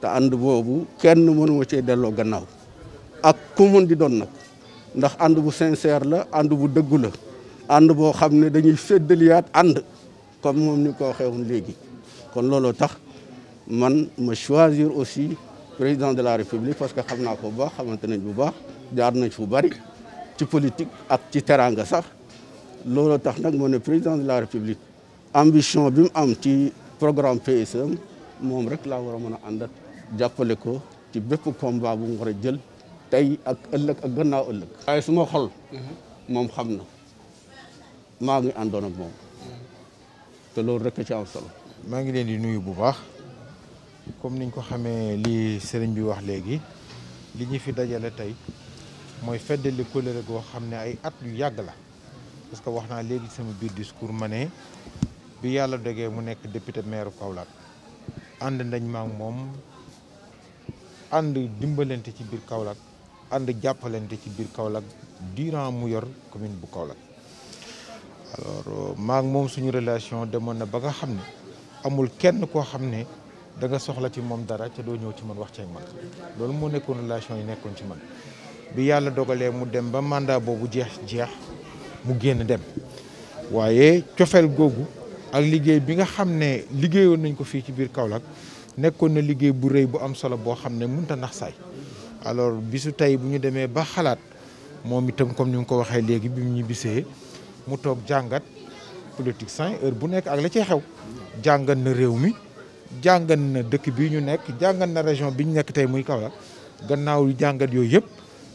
te ànd boobu kenn mënuma cee delloo gannaaw ak ku di doon nag ndax ànd bu sincère la ànd bu dëggu la ànd boo xam ne dañuy séddaliyaat ànd comme moom ni ko waxee woon léegi kon looloo tax man ma choisir aussi président de la république parce que xam naa ko bu baax xamante nañ bu baax jaar nañ fu bari ci politique ak ci teraanga sax looloo tax nag moo ne président de la république ambition bi am ci programme PSE moom rek laa war a mën a àndat jàppale ko ci bépp combat bu mu a jël tey ak ëllëg ak gannaaw ëllëg. waaye suma xol. moom xam na maa ngi àndoon ak moom. te loolu rek ci am solo. maa ngi leen di nuyu bu baax comme niñ ko xamee lii sëriñ bi wax léegi li ñu fi dajale tey mooy feddali kóllëre goo xam ne ay at yu yàgg la parce que wax naa léegi sama biir discours ma ne bi yàlla dogee mu nekk député maire Kaolack ànd nañ ma ak moom. ànd dimbalante ci biir Kaolack ànd jàppalante ci biir Kaolack durant mu yor commune bu Kaolack alors euh, maa moom suñu relation demoon na ba nga xam ne amul kenn koo xam ne da soxla ci moom dara te doo ñëw ci man wax ceeg man loolu moo nekkoon relation yi nekkoon ci man bi yàlla dogalee mu dem ba màndaa boobu jeex jeex mu génn dem waaye cofeel googu ak liggéey bi nga xam ne liggéeyoon nañ ko fii ci biir Kaolack nekkon na liggey bu reuy bu am solo bo xamne ne munta nax say alors bisu tay bu ñu ba xalaat moom itam comme ñu ko waxé légui bi ñu bisee mu tok jangat politique sain heure bu nekk ak la ci xew jangal na réew mi jangal na dëkk bi ñu nekk jangal na région bi ñu nekk muy kawla gannaaw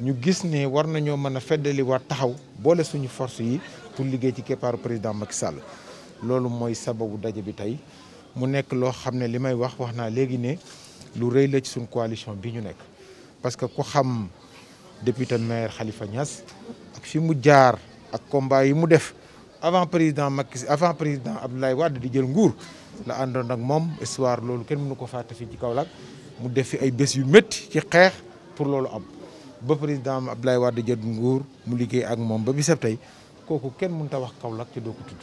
ñu gis ne war nañu mëna fédéli feddaliwaat taxaw boole suñu force yi pour liggéey ci képar président Macky Sall lolu moy sababu dajé bi tay mu nekk loo xam ne li may wax wax naa léegi ne lu rëy la ci suñ coalition bi ñu nekk parce que ku xam député maire Khalifa Niass ak fi mu jaar ak combat yi mu def avant président Macky avant président Abdoulaye Wade di jël nguur la àndoon nag moom histoire loolu kenn mënu ko fàtte fii ci Kaolack mu def fi ay bés yu métti ci xeex pour loolu am ba président Abdoulaye Wade jël nguur mu liggéey ak moom ba bi bisab tey kooku kenn munut a wax Kaolack te doo ko tudd.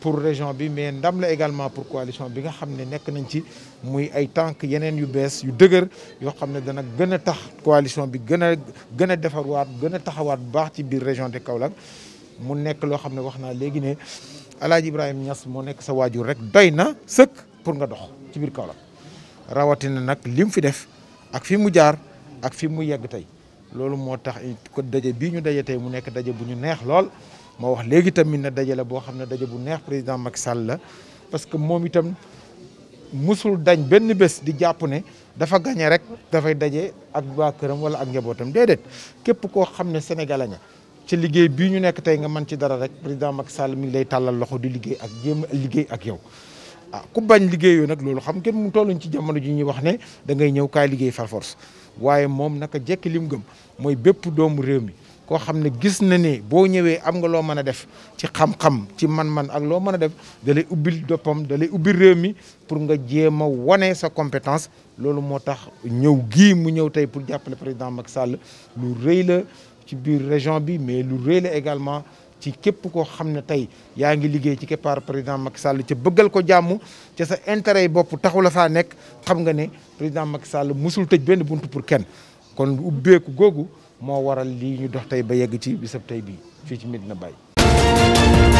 pour région bi mais ndam la également pour coalition bi nga xamné nek nañ ci muy ay tànk yenen yu bes yu deuguer yo xamné dana gëna tax coalition bi gëna gëna défar waat gëna taxawaat baax ci bir région de Kaolack mu nek lo xamné waxna légui ne El Ibrahim Niass mo nek sa wajur rek doyna seuk pour nga dox ci bir Kaolack rawati na nak lim fi def ak fi mu jaar ak fi mu yegg tay loolu motax ko daje bii ñu daje tey mu nek daje bu ñu neex lool. moo wax léegi tamit na daje boo xam ne daje bu neex président Macky sàll la parce que moom itam musul dañ benn bés di jàpp ne dafa gañe rek dafay daje ak waa këram wala ak njabootam déedéet képp koo xam ne sénégalais nga ci liggéey bii ñu nekk tey nga mën ci dara rek président Macky Sall mi ngi lay tàllal loxo di liggéey ak jéem liggéey ak yow ah ku bañ liggéeyoo nag loolu xam kenn mu tolluñ ci jamono ji ñuy wax ne da ñëw kaay liggéey far waaye moom naka jekki li mu gëm mooy bépp doomu réew mi ko xam gis na ne bo ñëwee am nga lo def ci xam-xam ci man-man ak lo mëna def da ubbil ubbil pour nga jéma a sa compétence qui motax le ñëw mu ñëw tay pour le président Macky Sall lu rëy la ci biir région bi mais lu rëy la également ci képp président Maxal. tay yaangi liggéey ci le président Macky Sall ci bëggal ko jamm ci sa intérêt xam nga président Macky Sall musul tëj buntu pour kenn kon ubbeeku gogou moo waral lii ñu dox tey ba yegg ci bisab tey bii fii ci na Baye